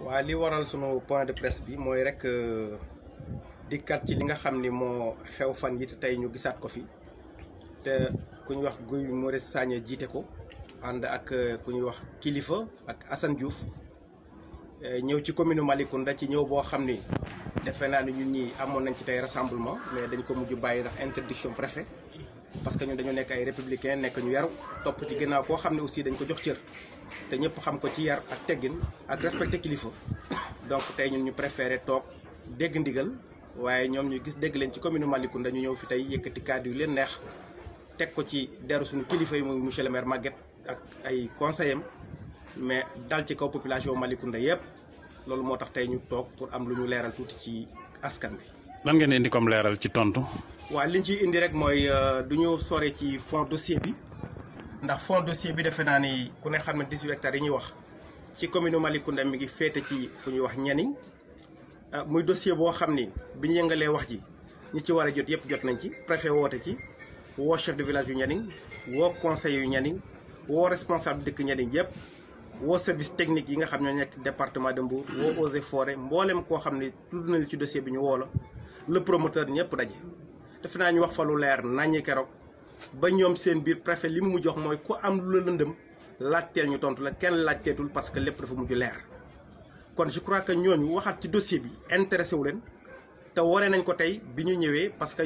waa li waral sunu point de presse bi mooy rek euh, dikkat ci li nga xam ni moo xew fan yi te tey ñu gisaat ko fi te ku ñuy wax Guy Marius Sagna jiite ko ànd ak euh, ku ñuy wax kilifa ak assan Diouf euh, ñëw ci commune Malicounda ci ñëw boo xam ni defe naa ni ñun ñi amoon nañ ci tey rassemblement mais dañ ko mujj bàyyi ndax interdiction préfet parce que ñun dañu nek ay républicain nek ñu yaru top ci ginnaaw ko xamné ne aussi dañ ko jox cër té ñëpp xam ko ci yar ak téggine ak respecté kilifa donc tay ñun ñu préféré toog dégg ndigal waye ñom ñu gis dégg leen ci commune Malicounda ñu ñëw fi tay yëkëti cadre yu leen neex teg ko ci déru suñu kilifa yi moy monsieur le maire maguet ak ay conseil mais dal ci ko population Malicounda nda yépp lolu motax tay ñu tok pour am luñu léral tout ci askan bi lan ngeen indi comme leral ci tontu. wa li ci indi rek moy euh, duñu ñu sore ci fond dossier bi ndax fond dossier bi defe naa ni ku ne xam 18 hectares yi ñi wax ci commune Malicounda mi ngi féete ci fu ñuy wax ñaniñ euh, muy dossier bo xam ni bi wax ji ñi ci war jot yépp jot nañ ci préfet woté ci wo chef de village yu ñaniñ wo conseil yu ñaniñ wo responsable dëkk ñaniñ yépp wo service technique yi nga xam ne nekk département de Mbour wo eaux et forêt mboolem koo xam ne tudd nañu ci dossier bi ñu woo la le promoteur ñëpp daje def naa wax fa lu leer naññi keroog ba seen biir préfet mu jox ku am lu la lëndëm ñu tontu la kenn laajteetul parce que lépp dafa mujj leer kon je crois que ñooñu waxaat ci dossier bi intéressé wu te nañ ko parce que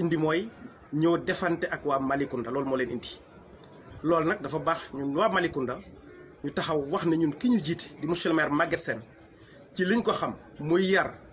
indi mooy ñëw defante ak waa Malicounda loolu moo leen indi loolu nag dafa baax ñun waa Malicounda ñu taxaw wax ne ñun ki ñu di monsieur maire ci liñ ko xam muy yar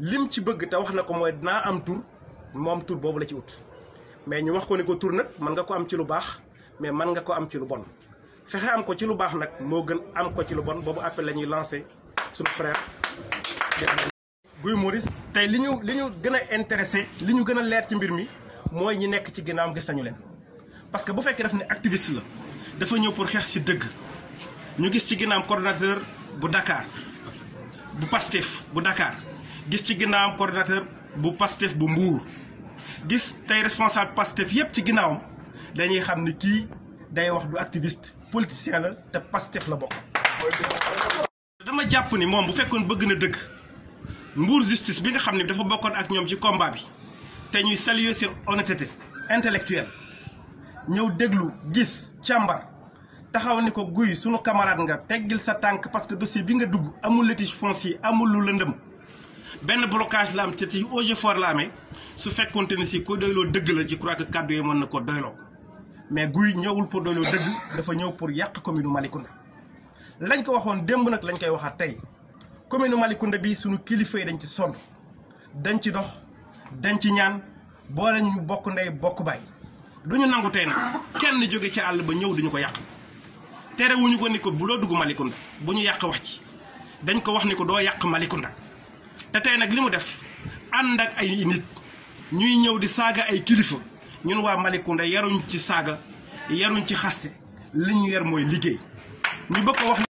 lim ci bëgg te wax na ko mooy dinaa am tur moom tur boobu la ci wut mais ñu wax ko ni ko tur nag mën nga ko am ci lu baax mais mën nga ko am ci lu bon fexe am ko ci lu baax nag moo gën am ko ci lu bon boobu appel la ñuy lancé suñu frère Guy Marius tey li ñu li ñu gën a intéressé li ñu gën a leer ci mbir mi mooy ñi nekk ci ginnaawam gis nañu leen parce que bu fekkee daf ne activiste la dafa ñëw pour xeex ci dëgg ñu gis ci ginnaam coordonnateur bu Dakar bu Pastef bu Dakar gis ci ginnaawam coordinateur bu pastef bu mbuur gis tey responsable pastef yëpp ci ginnaawam dañuy xam ni kii day wax du activiste politicien te pastef la bokk. dama jàpp ni moom bu fekkoon bëgg na dëgg mbuur justice bi nga xam ne dafa bokkoon ak ñoom ci combat bi te ñuy saluer seen honnêteté intellectuelle ñëw déglu gis càmbar. taxaw ni ko guy sunu camarade nga teggil sa tànk parce que dossier bi nga dugg amul litige foncier amul lu lëndëm benn blocage la am te ci eaux et la amee su fekkonte ne si ko doyloo dëgg la je crois que kàddu yi mën na ko doyloo mais guy ñëwul pour doyloo dëgg dafa ñëw pour yàq commune Malicounda lañ ko waxoon démb nag lañ koy waxaat tey commune Malicounda bi suñu kilifa yi dañ ci sonn dañ ci dox dañ ci ñaan boo lañ bokk ndey bokk baay duñu ñu nangu tey nag kenn jóge ci àll ba ñëw duñu ko yàq terewuñu ko ni ko bu loo dugg Malicounda bu ñu yàq wax ci dañ ko wax ni ko doo yàq Malicounda te tey nag li mu def ànd ak ay nit ñuy ñëw di saaga ay kilifa ñun waa Malicounda yaruñ ci saaga yaruñ ci xaste li ñu yar mooy liggéey ñu bëgg ko wax